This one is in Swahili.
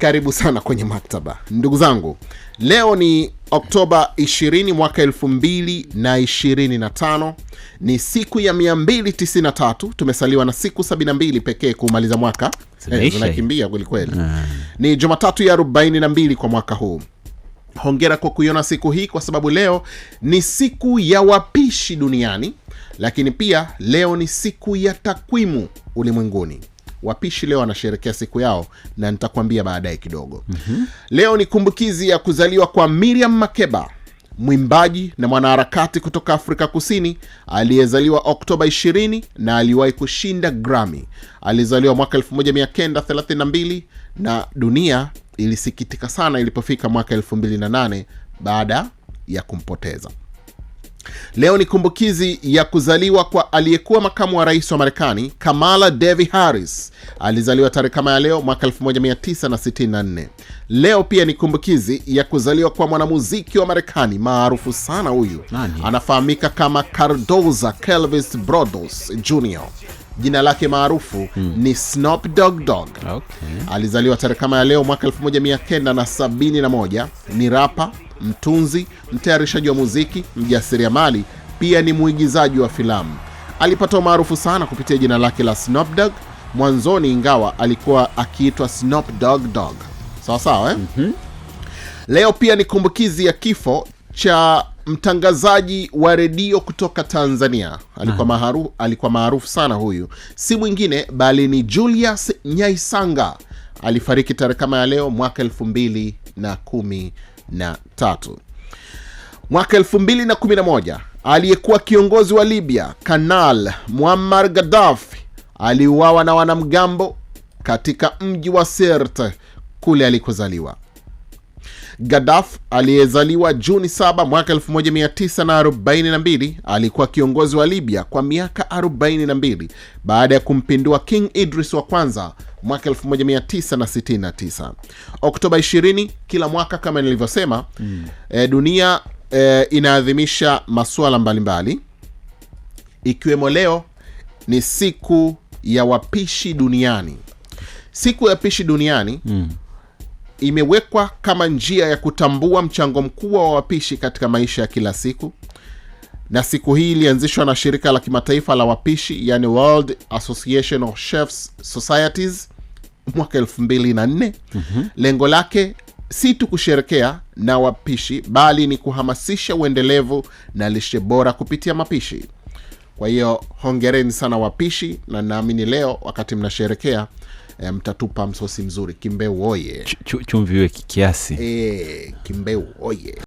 Karibu sana kwenye maktaba ndugu zangu. Leo ni Oktoba 20 mwaka 225 ni siku ya 293. Tumesaliwa na siku 72 pekee kumaliza mwaka, zinakimbia eh, kwelikweli kwelikweli. Ah. Ni Jumatatu ya 42 kwa mwaka huu. Hongera kwa kuiona siku hii, kwa sababu leo ni siku ya wapishi duniani, lakini pia leo ni siku ya takwimu ulimwenguni wapishi leo wanasherekea siku yao na nitakwambia baadaye kidogo. mm-hmm. Leo ni kumbukizi ya kuzaliwa kwa Miriam Makeba, mwimbaji na mwanaharakati kutoka Afrika Kusini aliyezaliwa Oktoba 20 na aliwahi kushinda grami Alizaliwa mwaka 1932 na dunia ilisikitika sana ilipofika mwaka 208 baada ya kumpoteza. Leo ni kumbukizi ya kuzaliwa kwa aliyekuwa makamu wa rais wa Marekani Kamala Devi Harris. Alizaliwa tarehe kama ya leo mwaka 1964. Leo pia ni kumbukizi ya kuzaliwa kwa mwanamuziki wa Marekani maarufu sana huyu Anafahamika kama Cardoza Kelvis Brodos Jr. Jina lake maarufu hmm, ni snop dog dog Okay. Alizaliwa tarehe kama ya leo mwaka 1971. Ni rapa mtunzi, mtayarishaji wa muziki, mjasiriamali, pia ni mwigizaji wa filamu. Alipata umaarufu sana kupitia jina lake la Snoop Dogg. Mwanzoni, ingawa alikuwa akiitwa Snoop Dogg Dogg, sawa sawa eh? mm -hmm. Leo pia ni kumbukizi ya kifo cha mtangazaji wa redio kutoka Tanzania. Alikuwa maarufu, alikuwa maarufu sana huyu, si mwingine bali ni Julius Nyaisanga. Alifariki tarehe kama ya leo mwaka elfu mbili na kumi na tatu. Mwaka 2011 aliyekuwa kiongozi wa Libya Kanal Muammar Gaddafi aliuawa na wanamgambo katika mji wa sert kule alikozaliwa gadaf aliyezaliwa Juni 7 mwaka 1942 alikuwa kiongozi wa Libya kwa miaka 42 baada ya kumpindua King Idris wa kwanza mwaka 1969. Oktoba 20 kila mwaka kama nilivyosema, mm. e, dunia e, inaadhimisha masuala mbalimbali ikiwemo leo ni siku ya wapishi duniani. Siku ya pishi duniani mm imewekwa kama njia ya kutambua mchango mkubwa wa wapishi katika maisha ya kila siku, na siku hii ilianzishwa na shirika la kimataifa la wapishi, yani World Association of Chefs Societies mwaka elfu mbili na nne. mm -hmm. Lengo lake si tu kusherekea na wapishi bali ni kuhamasisha uendelevu na lishe bora kupitia mapishi. Kwa hiyo hongereni sana wapishi, na naamini leo wakati mnasherekea e, mtatupa msosi mzuri. Kimbeu oye! Chumvi iwe kiasi. E, kimbeu oye!